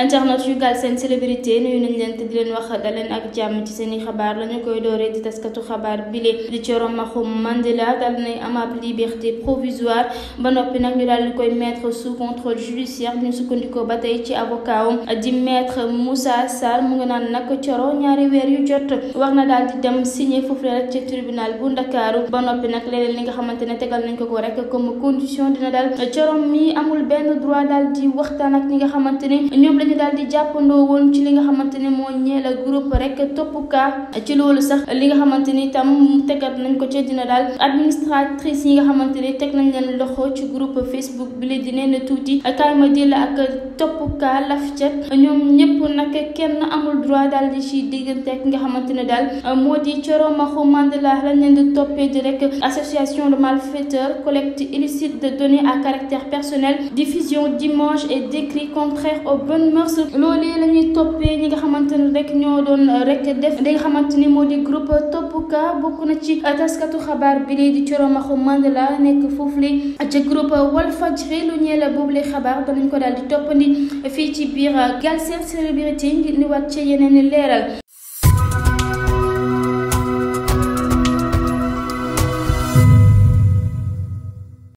internet yu Galsen Célébrité nuyu nañ leen te di leen wax daleen ak jàmm ci seen xabaar la koy dooree di taskatu xabaar bile di Thioro Mahom Mandela dal nay amaab liberté provisoire ba noppi nag ñu daal di koy mettre sous contrôle judiciaire ñu sukkandikoo ba tey ci avocat di maître Moussa Sall mu ngi naan nag Thioro ñaari weer yu jot wax na daal di dem signer foofu rek ci tribunal bu Ndakaaru ba noppi nag leneen li nga xamante ne tegal nañ ko ko rek comme condition dina daal Thioro mi amul benn droit daal di waxtaan ak ñu daal di jàppandoo woon ci li nga xamante ni moo ñeel a groupe rek topp ka ci loolu sax li nga xamante ni tam tegat nañ ko ci dina daal administratrice yi nga xamante ni teg nañ leen loxo ci groupe Facebook bi li di neen tuuti kaay ma di la ak topp ka laf ca ñoom ñëpp nag kenn amul droit daal di ci diggante ak nga xamante ne daal moo di Coro Maxu Mandela lañ leen di toppee di rek association de malfaiteurs collecte illicite de données à caractère personnel diffusion d'images et d'écrits contraires aux bonnes mœurs yee la ñuy toppee ñi nga xamante ni rek ñoo doon euh, rek def li nga xamante ni moo di groupe Topouka bokk na ci taskatu xabaar bi lii di Thioro Maxu Mandela nekk foofu li ci groupe Walfadjri lu boobu boobule xabaar danañ ko daal di toppandi fii ci biir Galsen Celebrity ngir ni waat ci yeneen leeral